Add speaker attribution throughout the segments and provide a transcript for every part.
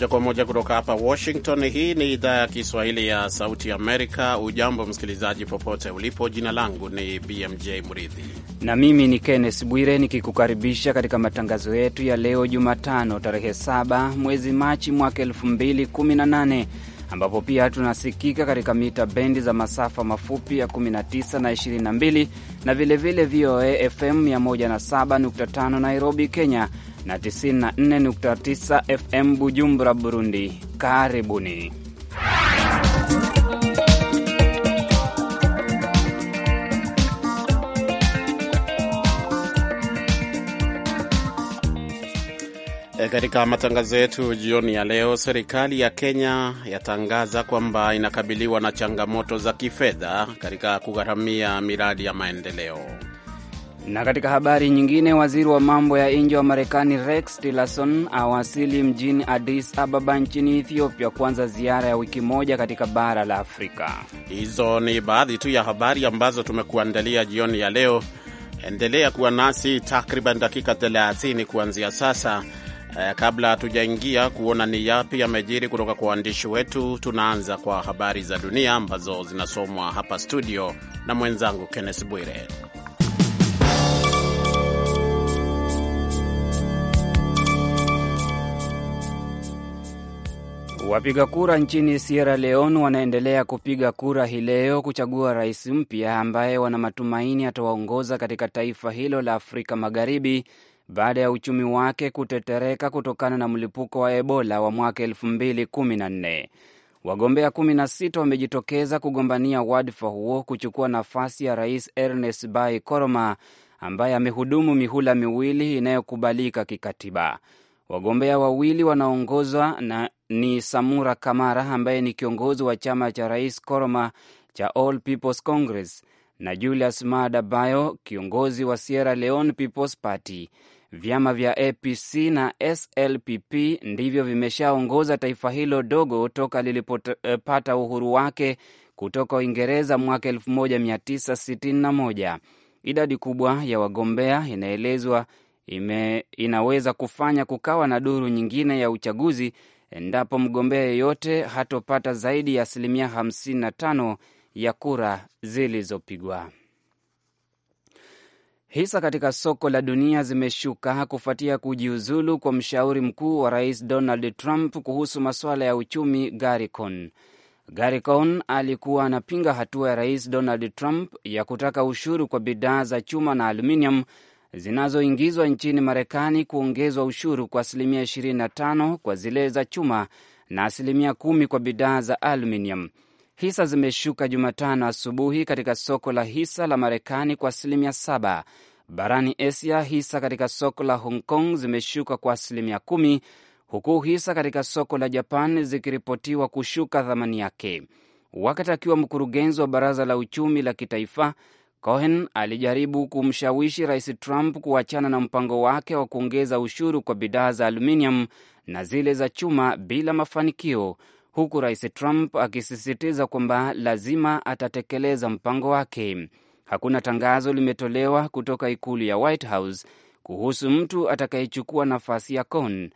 Speaker 1: moja kwa moja kutoka hapa Washington. Hii ni idhaa ya Kiswahili ya Sauti Amerika. Ujambo msikilizaji, popote ulipo. Jina langu ni BMJ Mridhi
Speaker 2: na mimi ni Kenneth Bwire nikikukaribisha katika matangazo yetu ya leo Jumatano tarehe 7 mwezi Machi mwaka 2018 ambapo pia tunasikika katika mita bendi za masafa mafupi ya 19 na 22 na vilevile VOA FM 107.5 Nairobi, Kenya na 94.9 FM Bujumbura, Burundi. Karibuni.
Speaker 1: E, katika matangazo yetu jioni ya leo, serikali ya Kenya yatangaza kwamba inakabiliwa na changamoto za kifedha katika kugharamia miradi ya maendeleo.
Speaker 2: Na katika habari nyingine, waziri wa mambo ya nje wa Marekani Rex Tillerson awasili mjini Addis Ababa nchini Ethiopia kuanza ziara ya wiki moja katika bara
Speaker 1: la Afrika. Hizo ni baadhi tu ya habari ambazo tumekuandalia jioni ya leo. Endelea kuwa nasi takriban dakika 30 kuanzia sasa. Eh, kabla hatujaingia kuona ni yapi yamejiri kutoka kwa waandishi wetu, tunaanza kwa habari za dunia ambazo zinasomwa hapa studio na mwenzangu Kenneth Bwire.
Speaker 2: Wapiga kura nchini Sierra Leone wanaendelea kupiga kura hii leo kuchagua rais mpya ambaye wana matumaini atawaongoza katika taifa hilo la Afrika Magharibi baada ya uchumi wake kutetereka kutokana na mlipuko wa Ebola wa mwaka 2014. Wagombea 16 wamejitokeza kugombania wadhifa huo kuchukua nafasi ya Rais Ernest Bai Koroma ambaye amehudumu mihula miwili inayokubalika kikatiba. Wagombea wawili wanaongozwa na ni Samura Kamara ambaye ni kiongozi wa chama cha Rais Koroma cha All Peoples Congress na Julius Maada Bio, kiongozi wa Sierra Leone Peoples Party. Vyama vya APC na SLPP ndivyo vimeshaongoza taifa hilo dogo toka lilipopata uhuru wake kutoka Uingereza mwaka 1961. Idadi kubwa ya wagombea inaelezwa ime, inaweza kufanya kukawa na duru nyingine ya uchaguzi endapo mgombea yeyote hatopata zaidi ya asilimia 55 ya kura zilizopigwa. Hisa katika soko la dunia zimeshuka kufuatia kujiuzulu kwa mshauri mkuu wa rais Donald Trump kuhusu masuala ya uchumi Gary Cohn. Gary Cohn alikuwa anapinga hatua ya rais Donald Trump ya kutaka ushuru kwa bidhaa za chuma na aluminium zinazoingizwa nchini Marekani kuongezwa ushuru kwa asilimia 25 kwa zile za chuma na asilimia kumi kwa bidhaa za aluminium. Hisa zimeshuka Jumatano asubuhi katika soko la hisa la Marekani kwa asilimia saba. Barani Asia, hisa katika soko la Hong Kong zimeshuka kwa asilimia kumi huku hisa katika soko la Japan zikiripotiwa kushuka thamani yake. Wakati akiwa mkurugenzi wa baraza la uchumi la kitaifa Cohen alijaribu kumshawishi Rais Trump kuachana na mpango wake wa kuongeza ushuru kwa bidhaa za aluminium na zile za chuma bila mafanikio, huku Rais Trump akisisitiza kwamba lazima atatekeleza mpango wake. Hakuna tangazo limetolewa kutoka ikulu ya White House kuhusu mtu atakayechukua nafasi ya Cohen,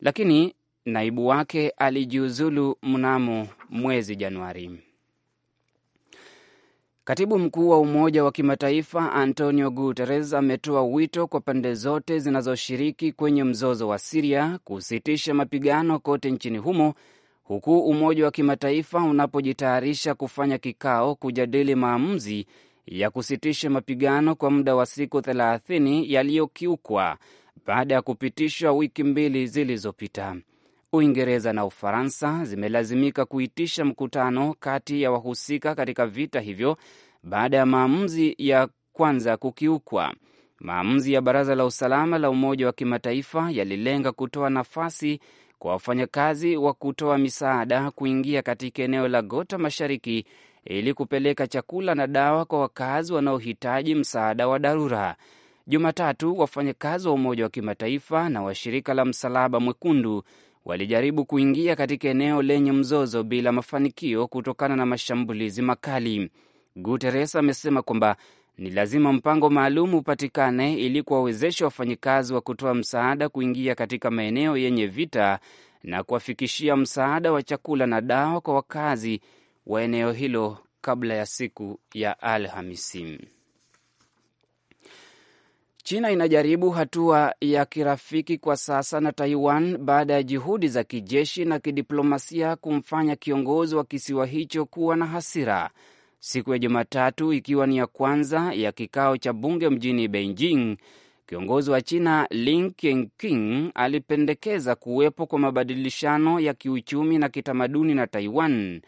Speaker 2: lakini naibu wake alijiuzulu mnamo mwezi Januari. Katibu mkuu wa Umoja wa Kimataifa Antonio Guterres ametoa wito kwa pande zote zinazoshiriki kwenye mzozo wa Siria kusitisha mapigano kote nchini humo, huku Umoja wa Kimataifa unapojitayarisha kufanya kikao kujadili maamuzi ya kusitisha mapigano kwa muda wa siku 30 yaliyokiukwa baada ya kupitishwa wiki mbili zilizopita. Uingereza na Ufaransa zimelazimika kuitisha mkutano kati ya wahusika katika vita hivyo baada ya maamuzi ya kwanza kukiukwa. Maamuzi ya Baraza la Usalama la Umoja wa Kimataifa yalilenga kutoa nafasi kwa wafanyakazi wa kutoa misaada kuingia katika eneo la Gota Mashariki ili kupeleka chakula na dawa kwa wakazi wanaohitaji msaada wa dharura. Jumatatu, wafanyakazi wa Umoja wa Kimataifa na washirika la Msalaba Mwekundu walijaribu kuingia katika eneo lenye mzozo bila mafanikio kutokana na mashambulizi makali. Guterres amesema kwamba ni lazima mpango maalum upatikane ili kuwawezesha wafanyikazi wa kutoa msaada kuingia katika maeneo yenye vita na kuwafikishia msaada wa chakula na dawa kwa wakazi wa eneo hilo kabla ya siku ya Alhamisi. China inajaribu hatua ya kirafiki kwa sasa na Taiwan baada ya juhudi za kijeshi na kidiplomasia kumfanya kiongozi wa kisiwa hicho kuwa na hasira siku ya Jumatatu, ikiwa ni ya kwanza ya kikao cha bunge mjini Beijing. Kiongozi wa China Li Keqiang alipendekeza kuwepo kwa mabadilishano ya kiuchumi na kitamaduni na Taiwan.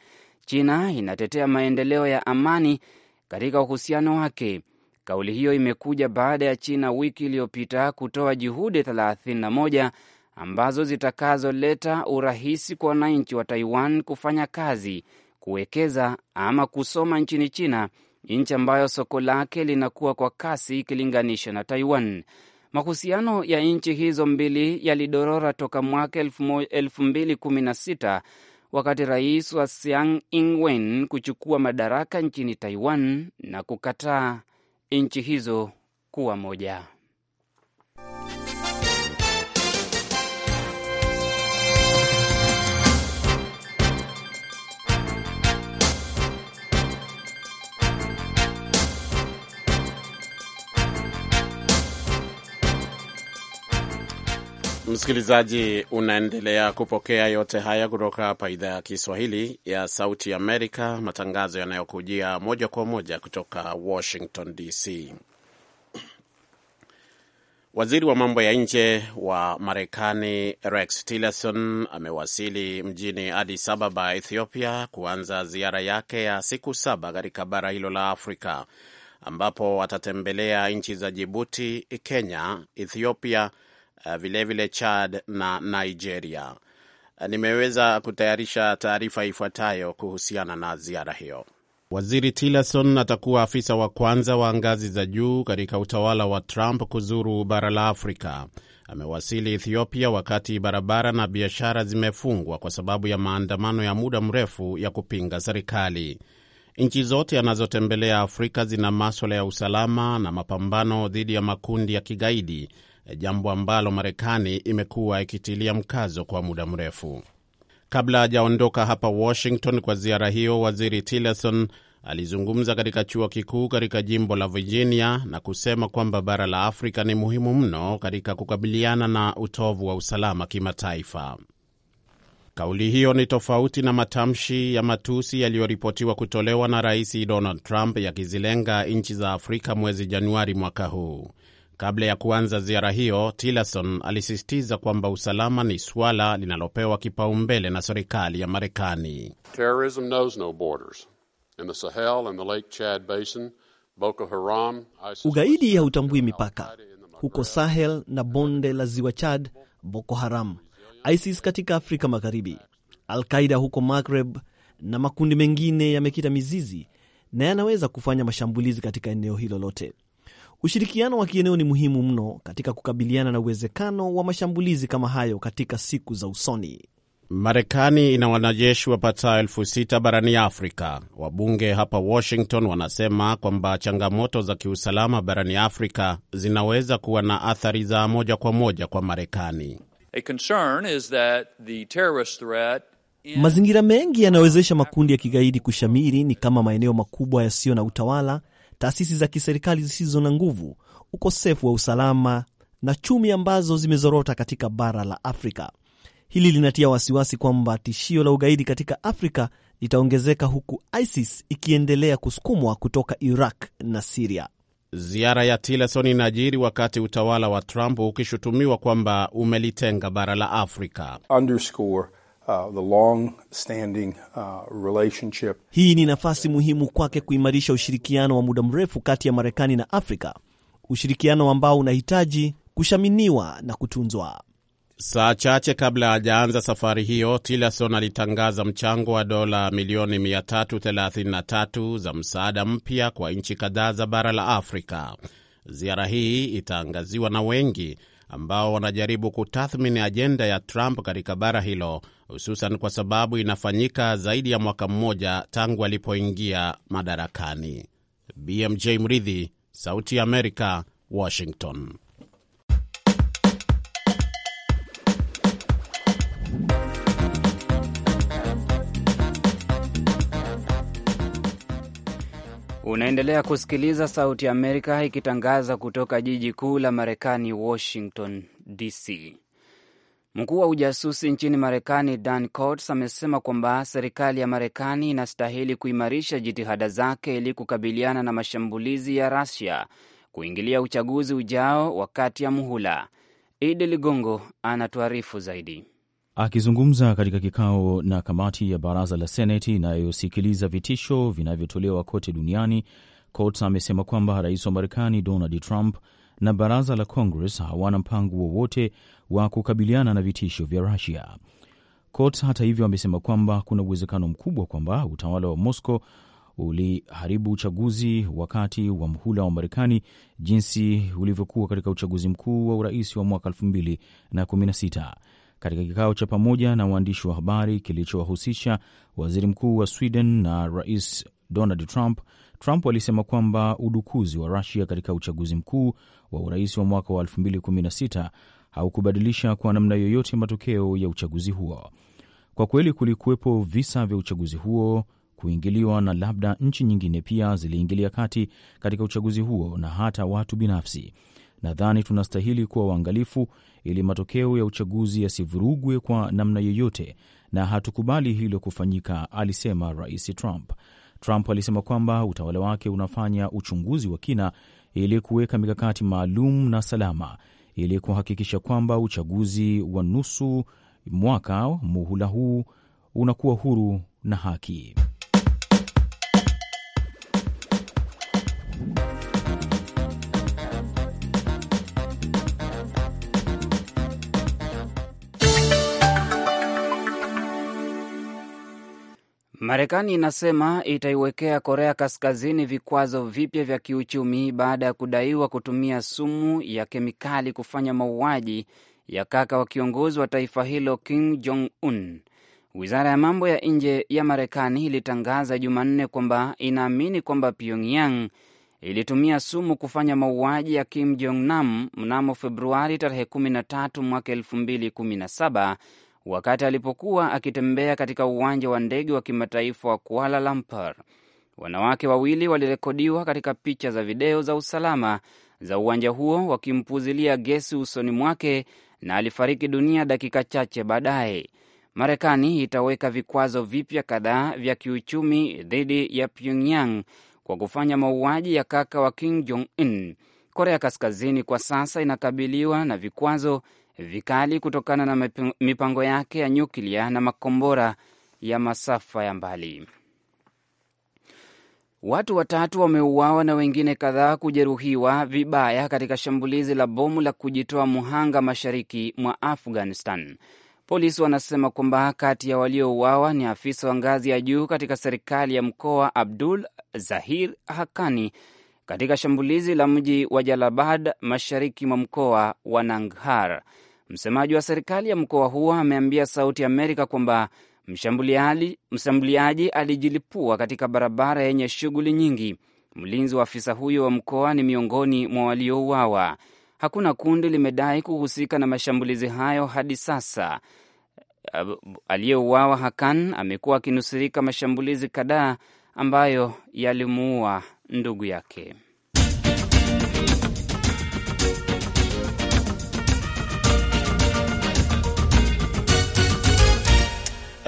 Speaker 2: China inatetea maendeleo ya amani katika uhusiano wake. Kauli hiyo imekuja baada ya China wiki iliyopita kutoa juhudi 31 ambazo zitakazoleta urahisi kwa wananchi wa Taiwan kufanya kazi kuwekeza ama kusoma nchini China, nchi ambayo soko lake linakuwa kwa kasi ikilinganisha na Taiwan. Mahusiano ya nchi hizo mbili yalidorora toka mwaka elfu wakati rais wa Siang Ingwen kuchukua madaraka nchini Taiwan na kukataa nchi hizo kuwa moja.
Speaker 1: Msikilizaji, unaendelea kupokea yote haya kutoka hapa idhaa ya Kiswahili ya Sauti Amerika, matangazo yanayokujia moja kwa moja kutoka Washington DC. Waziri wa mambo ya nje wa Marekani Rex Tillerson amewasili mjini Addis Ababa, Ethiopia, kuanza ziara yake ya siku saba katika bara hilo la Afrika, ambapo atatembelea nchi za Jibuti, Kenya, Ethiopia, vilevile eh, vile Chad na Nigeria. Eh, nimeweza kutayarisha taarifa ifuatayo kuhusiana na ziara hiyo. Waziri Tillerson atakuwa afisa wa kwanza wa ngazi za juu katika utawala wa Trump kuzuru bara la Afrika. Amewasili Ethiopia wakati barabara na biashara zimefungwa kwa sababu ya maandamano ya muda mrefu ya kupinga serikali. Nchi zote anazotembelea Afrika zina maswala ya usalama na mapambano dhidi ya makundi ya kigaidi Eh, jambo ambalo Marekani imekuwa ikitilia mkazo kwa muda mrefu. Kabla hajaondoka hapa Washington kwa ziara hiyo, waziri Tillerson alizungumza katika chuo kikuu katika jimbo la Virginia na kusema kwamba bara la Afrika ni muhimu mno katika kukabiliana na utovu wa usalama kimataifa. Kauli hiyo ni tofauti na matamshi ya matusi yaliyoripotiwa kutolewa na Rais Donald Trump yakizilenga nchi za Afrika mwezi Januari mwaka huu. Kabla ya kuanza ziara hiyo, Tillerson alisisitiza kwamba usalama ni suala linalopewa kipaumbele na serikali ya Marekani. ugaidi
Speaker 3: hautambui mipaka huko Sahel na bonde la ziwa Chad, Boko Haram, ISIS katika Afrika Magharibi, Al-Qaida huko Maghreb na makundi mengine yamekita mizizi na yanaweza kufanya mashambulizi katika eneo hilo lote. Ushirikiano wa kieneo ni muhimu mno katika kukabiliana na uwezekano wa mashambulizi kama hayo katika
Speaker 1: siku za usoni. Marekani ina wanajeshi wapatao elfu sita barani Afrika. Wabunge hapa Washington wanasema kwamba changamoto za kiusalama barani Afrika zinaweza kuwa na athari za moja kwa moja kwa Marekani. Mazingira mengi yanayowezesha makundi ya kigaidi
Speaker 3: kushamiri ni kama maeneo makubwa yasiyo na utawala taasisi za kiserikali zisizo na nguvu, ukosefu wa usalama na chumi ambazo zimezorota katika bara la Afrika. Hili linatia wasiwasi kwamba tishio la ugaidi katika Afrika litaongezeka huku ISIS ikiendelea kusukumwa kutoka Iraq na Siria.
Speaker 1: Ziara ya Tillerson inajiri wakati utawala wa Trump ukishutumiwa kwamba umelitenga bara la Afrika
Speaker 4: Underscore. Uh, the long standing, uh, relationship.
Speaker 3: Hii ni nafasi muhimu kwake kuimarisha ushirikiano wa muda mrefu kati ya Marekani na Afrika, ushirikiano ambao unahitaji kushaminiwa na kutunzwa.
Speaker 1: Saa chache kabla hajaanza safari hiyo, Tillerson alitangaza mchango wa dola milioni 333 za msaada mpya kwa nchi kadhaa za bara la Afrika. Ziara hii itaangaziwa na wengi ambao wanajaribu kutathmini ajenda ya Trump katika bara hilo hususan kwa sababu inafanyika zaidi ya mwaka mmoja tangu alipoingia madarakani. BMJ Mridhi, Sauti ya Amerika, Washington.
Speaker 2: Unaendelea kusikiliza Sauti ya Amerika ikitangaza kutoka jiji kuu la Marekani, Washington DC. Mkuu wa ujasusi nchini Marekani Dan Coats amesema kwamba serikali ya Marekani inastahili kuimarisha jitihada zake ili kukabiliana na mashambulizi ya rasia kuingilia uchaguzi ujao wakati ya muhula. Idi Ligongo anatuarifu zaidi.
Speaker 4: Akizungumza katika kikao na kamati ya baraza la Seneti inayosikiliza vitisho vinavyotolewa kote duniani, Coats amesema kwamba rais wa Marekani Donald Trump na baraza la Congress hawana mpango wowote wa, wa kukabiliana na vitisho vya Rusia. cot hata hivyo amesema kwamba kuna uwezekano mkubwa kwamba utawala wa Moscow uliharibu uchaguzi wakati wa mhula wa Marekani jinsi ulivyokuwa katika uchaguzi mkuu wa urais wa mwaka 216 katika kikao cha pamoja na waandishi wa habari kilichowahusisha waziri mkuu wa Sweden na rais Donald Trump. Trump alisema kwamba udukuzi wa Rusia katika uchaguzi mkuu wa urais wa mwaka wa 216 haukubadilisha kwa namna yoyote matokeo ya uchaguzi huo. Kwa kweli, kulikuwepo visa vya uchaguzi huo kuingiliwa na labda nchi nyingine pia ziliingilia kati katika uchaguzi huo na hata watu binafsi. Nadhani tunastahili kuwa waangalifu ili matokeo ya uchaguzi yasivurugwe kwa namna yoyote, na hatukubali hilo kufanyika, alisema Rais Trump. Trump alisema kwamba utawala wake unafanya uchunguzi wa kina ili kuweka mikakati maalum na salama ili kuhakikisha kwamba uchaguzi wa nusu mwaka muhula huu unakuwa huru na haki.
Speaker 2: Marekani inasema itaiwekea Korea Kaskazini vikwazo vipya vya kiuchumi baada ya kudaiwa kutumia sumu ya kemikali kufanya mauaji ya kaka wa kiongozi wa taifa hilo Kim Jong Un. Wizara ya mambo ya nje ya Marekani ilitangaza Jumanne kwamba inaamini kwamba Pyongyang ilitumia sumu kufanya mauaji ya Kim Jong Nam mnamo Februari tarehe 13 mwaka 2017 wakati alipokuwa akitembea katika uwanja wa ndege wa kimataifa wa Kuala Lumpur. Wanawake wawili walirekodiwa katika picha za video za usalama za uwanja huo wakimpuzilia gesi usoni mwake na alifariki dunia dakika chache baadaye. Marekani itaweka vikwazo vipya kadhaa vya kiuchumi dhidi ya Pyongyang kwa kufanya mauaji ya kaka wa Kim Jong Un. Korea Kaskazini kwa sasa inakabiliwa na vikwazo vikali kutokana na mipango yake ya nyuklia na makombora ya masafa ya mbali. Watu watatu wameuawa na wengine kadhaa kujeruhiwa vibaya katika shambulizi la bomu la kujitoa muhanga mashariki mwa Afghanistan. Polisi wanasema kwamba kati ya waliouawa ni afisa wa ngazi ya juu katika serikali ya mkoa Abdul Zahir Hakani katika shambulizi la mji wa Jalabad mashariki mwa mkoa wa Nangarhar. Msemaji wa serikali ya mkoa huo ameambia Sauti Amerika kwamba mshambuliaji alijilipua katika barabara yenye shughuli nyingi. Mlinzi wa afisa huyo wa mkoa ni miongoni mwa waliouawa. Hakuna kundi limedai kuhusika na mashambulizi hayo hadi sasa. Aliyeuawa Hakan amekuwa akinusurika mashambulizi kadhaa ambayo yalimuua ndugu yake.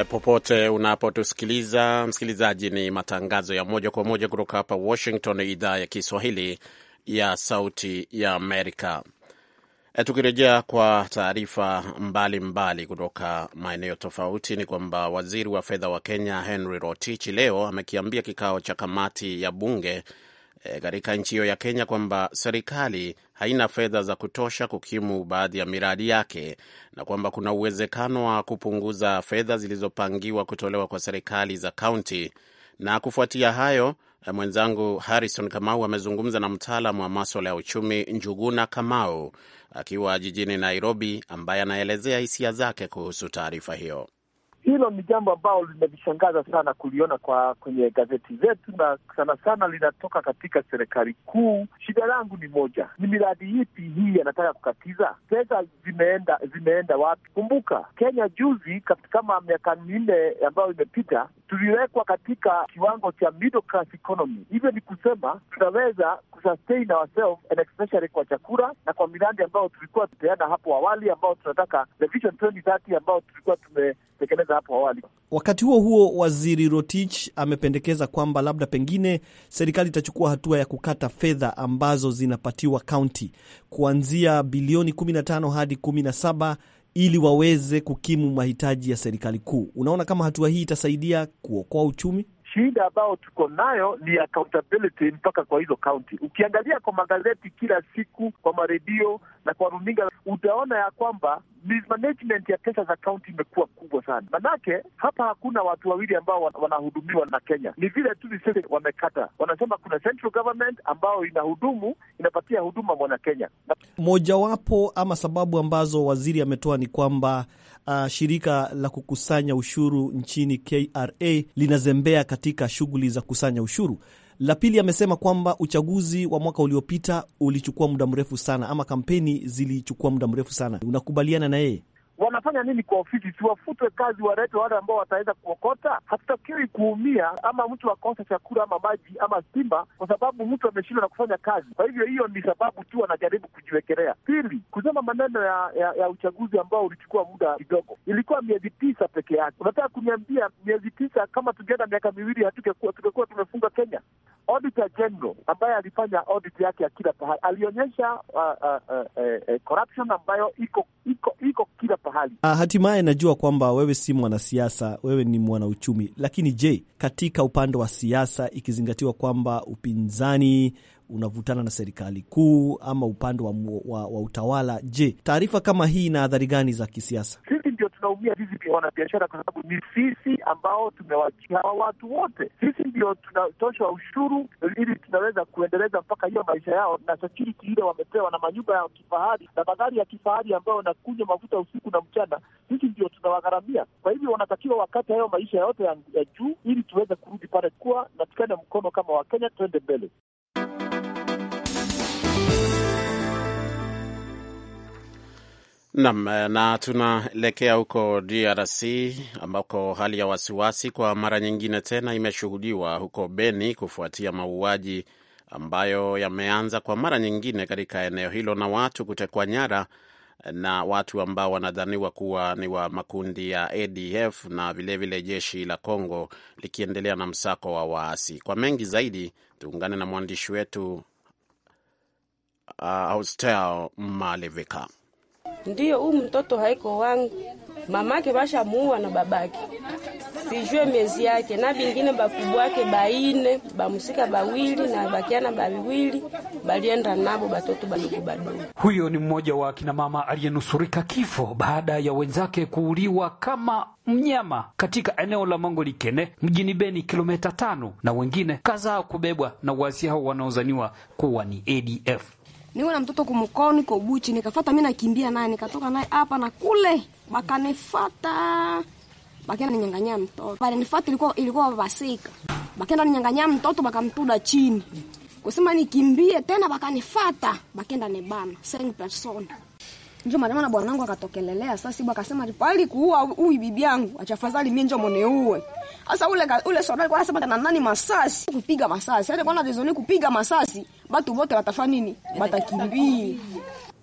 Speaker 1: Eh, popote unapotusikiliza msikilizaji, ni matangazo ya moja kwa moja kutoka hapa Washington, idhaa ya Kiswahili ya Sauti ya Amerika. E, tukirejea kwa taarifa mbalimbali kutoka maeneo tofauti ni kwamba waziri wa fedha wa Kenya Henry Rotich leo amekiambia kikao cha kamati ya bunge eh, katika e, nchi hiyo ya Kenya kwamba serikali haina fedha za kutosha kukimu baadhi ya miradi yake na kwamba kuna uwezekano wa kupunguza fedha zilizopangiwa kutolewa kwa serikali za kaunti. Na kufuatia hayo, mwenzangu Harrison Kamau amezungumza na mtaalamu wa maswala ya uchumi Njuguna Kamau akiwa jijini Nairobi, ambaye anaelezea hisia zake kuhusu taarifa hiyo
Speaker 5: hilo ni jambo ambalo limenishangaza sana kuliona kwa kwenye gazeti zetu, na sana sana linatoka katika serikali kuu. Shida langu ni moja, ni miradi ipi hii yanataka kukatiza? Pesa zimeenda zimeenda wapi? Kumbuka Kenya juzi, kama miaka minne ambayo imepita, tuliwekwa katika kiwango cha middle class economy. Hivyo ni kusema tunaweza kusustain ourselves and especially kwa chakula na kwa miradi ambayo tulikuwa tupeana hapo awali, ambao tunataka the Vision 2030 tulikuwa tumetekeleza hata hapo awali.
Speaker 3: Wakati huo huo, waziri Rotich amependekeza kwamba labda pengine serikali itachukua hatua ya kukata fedha ambazo zinapatiwa kaunti kuanzia bilioni 15 hadi 17 ili waweze kukimu mahitaji ya serikali kuu. Unaona kama hatua hii itasaidia kuokoa uchumi? Shida ambayo
Speaker 5: tuko nayo ni accountability mpaka kwa hizo kaunti. Ukiangalia kwa magazeti kila siku, kwa maredio na kwa runinga, utaona ya kwamba mismanagement ya pesa za kaunti imekuwa kubwa sana. Manake hapa hakuna watu wawili ambao wanahudumiwa na Kenya, ni vile tu visese wamekata. Wanasema kuna central government ambayo inahudumu, inapatia huduma mwana Kenya.
Speaker 3: Mojawapo ama sababu ambazo waziri ametoa ni kwamba uh, shirika la kukusanya ushuru nchini KRA linazembea katika shughuli za kusanya ushuru. La pili, amesema kwamba uchaguzi wa mwaka uliopita ulichukua muda mrefu sana, ama kampeni zilichukua muda mrefu sana. Unakubaliana na yeye?
Speaker 5: wanafanya nini kwa ofisi? Siwafutwe kazi, walete wale ambao wataweza kuokota. Hatutakiri kuumia ama mtu akose chakula ama maji ama stima, kwa sababu mtu ameshindwa na kufanya kazi. Kwa hivyo hiyo ni sababu tu wanajaribu kujiwekelea. Pili, kusema maneno ya, ya, ya uchaguzi ambao ulichukua muda kidogo, ilikuwa miezi tisa peke yake. Unataka kuniambia miezi tisa, kama tungeenda miaka miwili hatungekuwa tumefunga Kenya? Auditor General ambaye alifanya audit yake ya kila pahali alionyesha uh, uh, uh, uh, corruption ambayo iko iko iko kila pahali hali. Ah,
Speaker 3: hatimaye najua kwamba wewe si mwanasiasa, wewe ni mwanauchumi, lakini je, katika upande wa siasa ikizingatiwa kwamba upinzani unavutana na serikali kuu ama upande wa, wa, wa utawala, je, taarifa kama hii ina adhari gani za kisiasa?
Speaker 5: tunaumia sisi pia wanabiashara, kwa sababu ni sisi ambao tumewajia hawa watu wote. Sisi ndio tunatoshwa ushuru ili tunaweza kuendeleza mpaka hiyo maisha yao na security ile wamepewa na manyumba ya kifahari na magari ya kifahari ambayo wanakunywa mafuta usiku na mchana. Sisi ndio tunawagharamia. Kwa hivyo wanatakiwa wakati hayo maisha yote ya, ya juu ili tuweze kurudi pale kuwa na tukane mkono kama Wakenya, tuende mbele.
Speaker 1: Nam, na tunaelekea huko DRC ambako hali ya wasiwasi kwa mara nyingine tena imeshuhudiwa huko Beni kufuatia mauaji ambayo yameanza kwa mara nyingine katika eneo hilo na watu kutekwa nyara na watu ambao wanadhaniwa kuwa ni wa makundi ya ADF na vilevile vile jeshi la congo likiendelea na msako wa waasi. Kwa mengi zaidi, tuungane na mwandishi wetu uh, Austel Malivika
Speaker 6: ndio huyu mtoto haiko wangu, mamake bashamuua na babake, sijue miezi yake na bingine bakubwake baine bamusika bawili na bakiana babiwili balienda nabo batoto badogo badogo.
Speaker 7: Huyo ni mmoja wa akina mama aliyenusurika kifo baada ya wenzake kuuliwa kama mnyama katika eneo la Mangolikene mjini Beni, kilomita tano, na wengine kadhaa kubebwa na waasi hao wanaozaniwa kuwa ni ADF
Speaker 6: niwe na mtoto kumukoni niko buchi, nikafata mimi nakimbia naye, nikatoka naye hapa na kule, bakanifata bakenda ninyang'anya mtoto pale nifata, ilikuwa ilikuwa basika, bakenda ninyang'anya mtoto, bakamtuda chini kusema nikimbie tena, bakanifata bakenda nibana sen persona ndio maana bwanangu akatokelelea sasa, Sibu akasema pali kuua huyu bibi yangu, acha afadhali mimi ndio mone uwe. Sasa ule ule soda alikuwa anasema tena nani masasi kupiga masasi, yaani kwana dezoni kupiga masasi, watu wote watafanya nini? Watakimbia.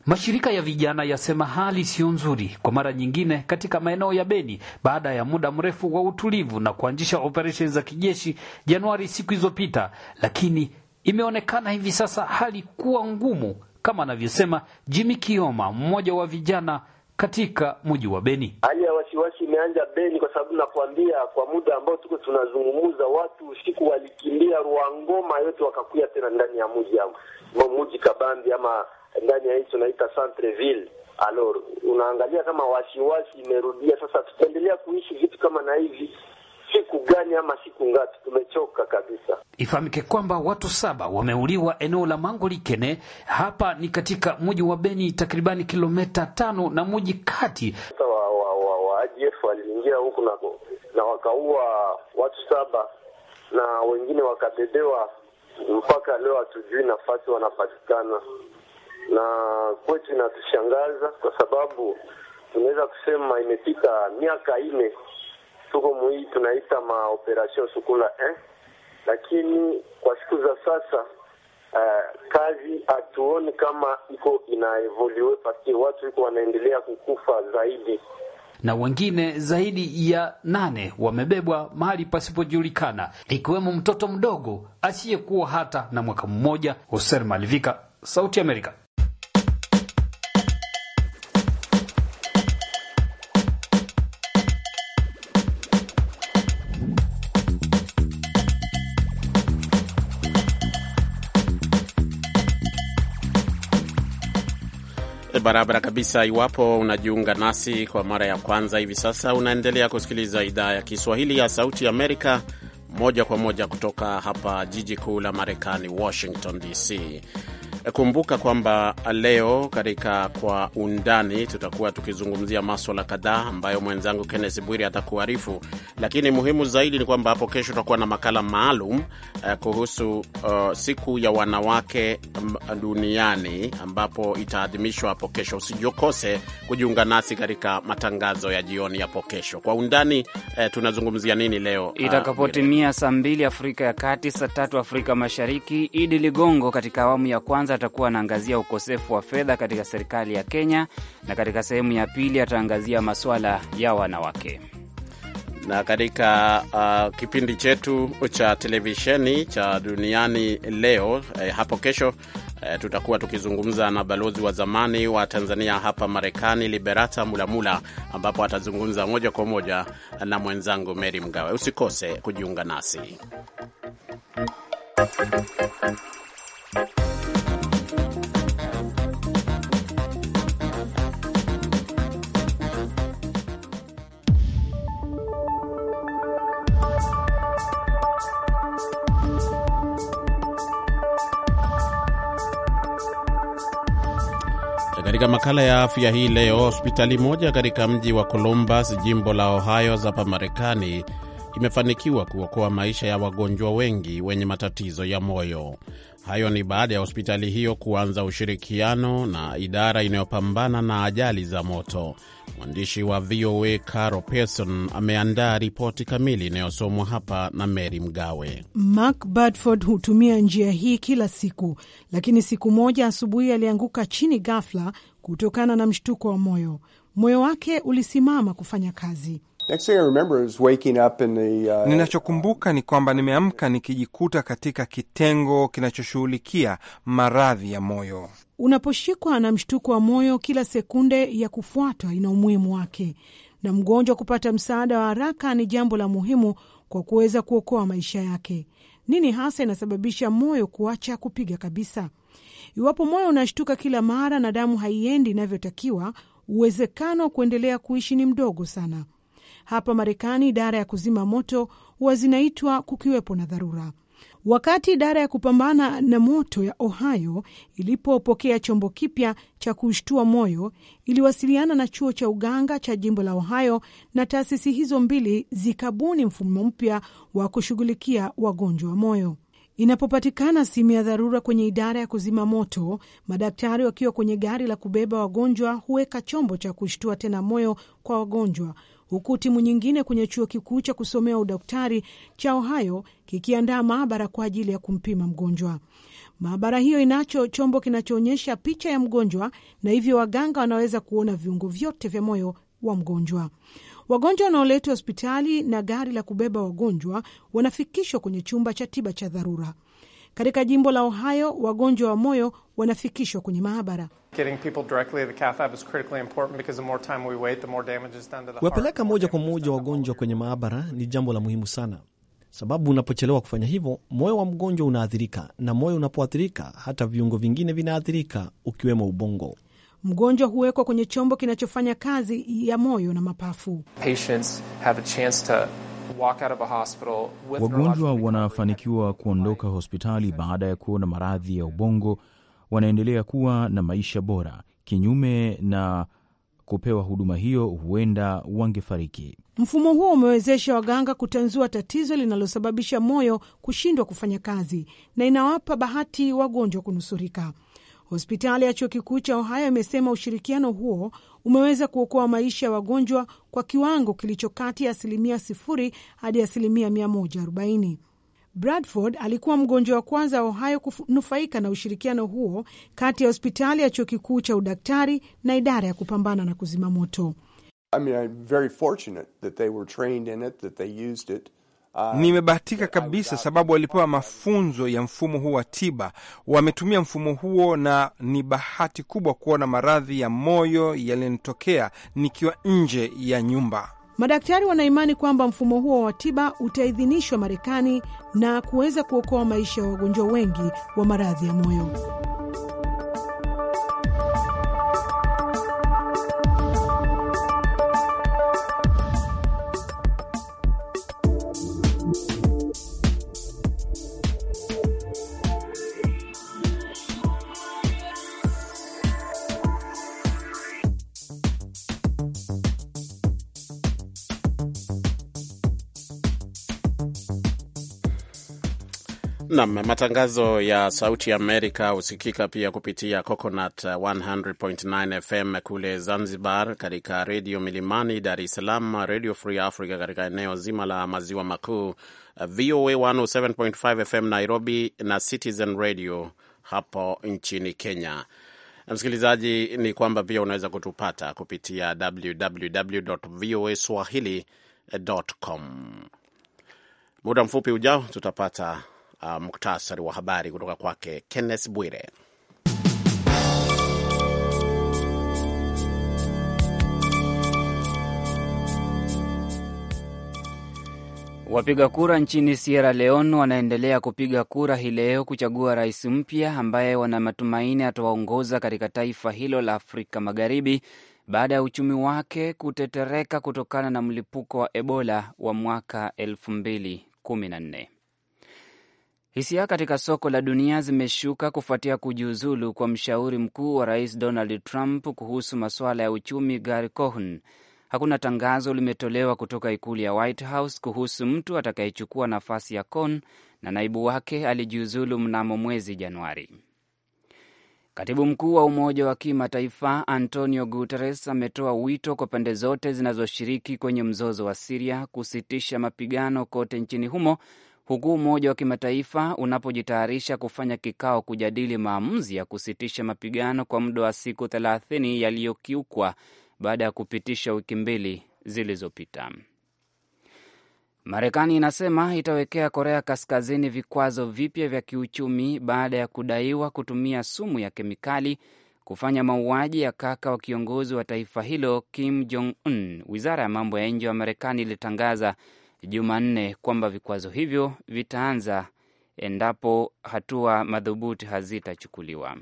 Speaker 7: Mashirika ya vijana yasema hali sio nzuri kwa mara nyingine katika maeneo ya Beni baada ya muda mrefu wa utulivu na kuanzisha operesheni za kijeshi Januari siku hizopita, lakini imeonekana hivi sasa hali kuwa ngumu kama anavyosema Jimmy Kioma, mmoja wa vijana katika mji wa Beni. Hali ya
Speaker 5: wasiwasi imeanja Beni kwa sababu nakwambia, kwa muda ambao tuko tunazungumuza, watu usiku walikimbia Ruangoma yote wakakuya tena ndani ya mji mji Kabambi ama ndani ya hii tunaita Centreville. Alor, unaangalia kama wasiwasi imerudia sasa. Tutaendelea kuishi vitu kama na hivi siku gani ama siku ngapi? Tumechoka
Speaker 7: kabisa. Ifahamike kwamba watu saba wameuliwa eneo la Mangolikene, hapa ni katika mji wa Beni, takribani kilomita tano na mji kati. Wa, wa,
Speaker 5: wa, wa ADF waliingia huku na, na wakaua watu saba na wengine wakabebewa, mpaka leo hatujui nafasi wanapatikana, na kwetu inatushangaza kwa sababu tunaweza kusema imepita miaka nne tuko mwii tunaita maoperation sukula eh? Lakini kwa siku za sasa uh, kazi hatuoni kama iko inaevolue paske watu iko wanaendelea kukufa zaidi
Speaker 7: na wengine zaidi ya nane wamebebwa mahali pasipojulikana, ikiwemo mtoto mdogo asiyekuwa hata na mwaka mmoja. Hoser Malivika, Sauti Amerika.
Speaker 1: barabara kabisa. Iwapo unajiunga nasi kwa mara ya kwanza hivi sasa, unaendelea kusikiliza idhaa ya Kiswahili ya Sauti Amerika moja kwa moja kutoka hapa jiji kuu la Marekani, Washington DC. Kumbuka kwamba leo katika Kwa Undani tutakuwa tukizungumzia maswala kadhaa ambayo mwenzangu Kenneth Bwiri atakuarifu, lakini muhimu zaidi ni kwamba hapo kesho tutakuwa na makala maalum eh, kuhusu uh, siku ya wanawake mm, duniani ambapo itaadhimishwa hapo kesho. Usijokose kujiunga nasi katika matangazo ya jioni hapo kesho. Kwa Undani eh, tunazungumzia nini leo eh, itakapotimia
Speaker 2: saa mbili Afrika ya Kati, saa tatu Afrika Mashariki. Idi Ligongo katika awamu ya kwanza kwanza atakuwa anaangazia ukosefu wa fedha katika serikali ya Kenya, na katika sehemu ya pili ataangazia masuala ya
Speaker 1: wanawake na katika uh, kipindi chetu cha televisheni cha duniani leo eh, hapo kesho eh, tutakuwa tukizungumza na balozi wa zamani wa Tanzania hapa Marekani, Liberata Mulamula, ambapo atazungumza moja kwa moja na mwenzangu Meri Mgawe. Usikose kujiunga nasi Katika makala ya afya hii leo, hospitali moja katika mji wa Columbus, jimbo la Ohio hapa Marekani imefanikiwa kuokoa maisha ya wagonjwa wengi wenye matatizo ya moyo. Hayo ni baada ya hospitali hiyo kuanza ushirikiano na idara inayopambana na ajali za moto. Mwandishi wa VOA Caro Pearson ameandaa ripoti kamili inayosomwa hapa na Mary Mgawe.
Speaker 6: Mark Bedford hutumia njia hii kila siku, lakini siku moja asubuhi alianguka chini ghafla kutokana na mshtuko wa moyo. Moyo wake ulisimama kufanya kazi.
Speaker 3: Uh,
Speaker 4: ninachokumbuka ni kwamba nimeamka nikijikuta katika kitengo kinachoshughulikia maradhi ya moyo.
Speaker 6: Unaposhikwa na mshtuko wa moyo, kila sekunde ya kufuatwa ina umuhimu wake, na mgonjwa kupata msaada wa haraka ni jambo la muhimu kwa kuweza kuokoa maisha yake. Nini hasa inasababisha moyo kuacha kupiga kabisa? Iwapo moyo unashtuka kila mara na damu haiendi inavyotakiwa, uwezekano wa kuendelea kuishi ni mdogo sana. Hapa Marekani, idara ya kuzima moto huwa zinaitwa kukiwepo na dharura. Wakati idara ya kupambana na moto ya Ohio ilipopokea chombo kipya cha kushtua moyo, iliwasiliana na chuo cha uganga cha jimbo la Ohio, na taasisi hizo mbili zikabuni mfumo mpya wa kushughulikia wagonjwa wa moyo. Inapopatikana simu ya dharura kwenye idara ya kuzima moto, madaktari wakiwa kwenye gari la kubeba wagonjwa huweka chombo cha kushtua tena moyo kwa wagonjwa, huku timu nyingine kwenye chuo kikuu cha kusomea udaktari cha Ohio kikiandaa maabara kwa ajili ya kumpima mgonjwa. Maabara hiyo inacho chombo kinachoonyesha picha ya mgonjwa na hivyo waganga wanaweza kuona viungo vyote vya moyo wa mgonjwa. Wagonjwa wanaoletwa hospitali na gari la kubeba wagonjwa wanafikishwa kwenye chumba cha tiba cha dharura. Katika jimbo la Ohio, wagonjwa wa moyo wanafikishwa kwenye maabara.
Speaker 1: Kuwapeleka
Speaker 3: moja kwa moja wagonjwa kwenye maabara ni jambo la muhimu sana, sababu unapochelewa kufanya hivyo, moyo wa mgonjwa unaathirika, na moyo unapoathirika, hata viungo vingine vinaathirika, ukiwemo ubongo.
Speaker 6: Mgonjwa huwekwa kwenye chombo kinachofanya kazi ya moyo na mapafu.
Speaker 2: Wagonjwa
Speaker 4: wanafanikiwa kuondoka hospitali baada ya kuona maradhi ya ubongo, wanaendelea kuwa na maisha bora. Kinyume na kupewa huduma hiyo, huenda wangefariki.
Speaker 6: Mfumo huo umewezesha waganga kutanzua tatizo linalosababisha moyo kushindwa kufanya kazi na inawapa bahati wagonjwa kunusurika. Hospitali ya chuo kikuu cha Ohio imesema ushirikiano huo umeweza kuokoa maisha ya wagonjwa kwa kiwango kilicho kati ya asilimia sifuri hadi asilimia 140. Bradford alikuwa mgonjwa wa kwanza wa Ohio kunufaika na ushirikiano huo kati ya hospitali ya chuo kikuu cha udaktari na idara ya kupambana na kuzima moto.
Speaker 2: I mean,
Speaker 4: Nimebahatika kabisa, sababu walipewa mafunzo ya mfumo huu wa tiba, wametumia mfumo huo, na ni bahati kubwa kuona maradhi ya moyo yalinitokea nikiwa nje ya nyumba.
Speaker 6: Madaktari wanaimani kwamba mfumo huo wa tiba utaidhinishwa Marekani na kuweza kuokoa maisha ya wagonjwa wengi wa maradhi ya moyo.
Speaker 1: Nam, matangazo ya Sauti Amerika husikika pia kupitia Coconut 100.9 FM kule Zanzibar, katika Redio Milimani Dar es Salaam, Radio Free Africa katika eneo zima la maziwa makuu, VOA 107.5 FM Nairobi na Citizen Radio hapo nchini Kenya. Msikilizaji, ni kwamba pia unaweza kutupata kupitia www voa swahili com. Muda mfupi ujao tutapata uh, muktasari wa habari kutoka kwake Kenneth Bwire.
Speaker 2: Wapiga kura nchini Sierra Leone wanaendelea kupiga kura hii leo kuchagua rais mpya ambaye wana matumaini atawaongoza katika taifa hilo la Afrika Magharibi baada ya uchumi wake kutetereka kutokana na mlipuko wa Ebola wa mwaka 2014. Hisia katika soko la dunia zimeshuka kufuatia kujiuzulu kwa mshauri mkuu wa rais Donald Trump kuhusu masuala ya uchumi Gary Cohn. Hakuna tangazo limetolewa kutoka ikulu ya White House kuhusu mtu atakayechukua nafasi ya Cohn, na naibu wake alijiuzulu mnamo mwezi Januari. Katibu mkuu wa Umoja wa Kimataifa Antonio Guterres ametoa wito kwa pande zote zinazoshiriki kwenye mzozo wa Siria kusitisha mapigano kote nchini humo huku Umoja wa Kimataifa unapojitayarisha kufanya kikao kujadili maamuzi ya kusitisha mapigano kwa muda wa siku thelathini yaliyokiukwa baada ya kupitisha wiki mbili zilizopita. Marekani inasema itawekea Korea Kaskazini vikwazo vipya vya kiuchumi baada ya kudaiwa kutumia sumu ya kemikali kufanya mauaji ya kaka wa kiongozi wa taifa hilo Kim Jong Un. Wizara ya mambo ya nje wa Marekani ilitangaza Jumanne kwamba vikwazo hivyo vitaanza endapo hatua madhubuti hazitachukuliwa.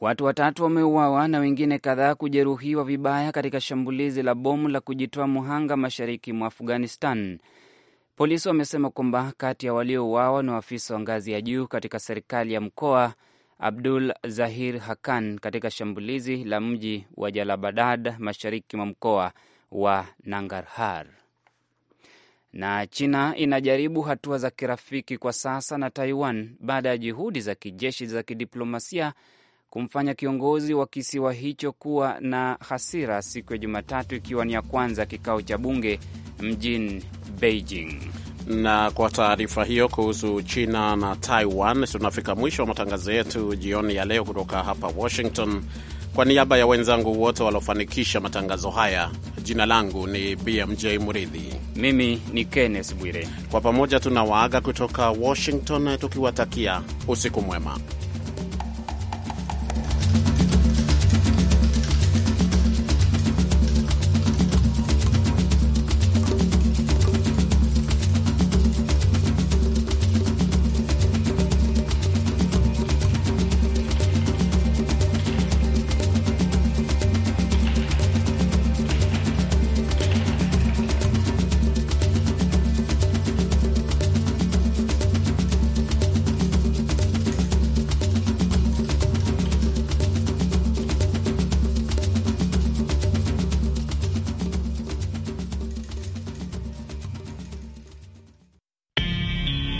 Speaker 2: Watu watatu wameuawa na wengine kadhaa kujeruhiwa vibaya katika shambulizi la bomu la kujitoa muhanga mashariki mwa Afghanistan. Polisi wamesema kwamba kati ya waliouawa ni waafisa wa ngazi ya juu katika serikali ya mkoa Abdul Zahir Hakan katika shambulizi la mji wa Jalabadad mashariki mwa mkoa wa Nangarhar na China inajaribu hatua za kirafiki kwa sasa na Taiwan baada ya juhudi za kijeshi za kidiplomasia kumfanya kiongozi wa kisiwa hicho kuwa na hasira siku ya Jumatatu, ikiwa ni ya kwanza
Speaker 1: kikao cha bunge mjini Beijing. Na kwa taarifa hiyo kuhusu China na Taiwan, tunafika mwisho wa matangazo yetu jioni ya leo kutoka hapa Washington. Kwa niaba ya wenzangu wote waliofanikisha matangazo haya, jina langu ni BMJ Muridhi, mimi ni kennes Bwire. Kwa pamoja tunawaaga kutoka Washington tukiwatakia usiku mwema.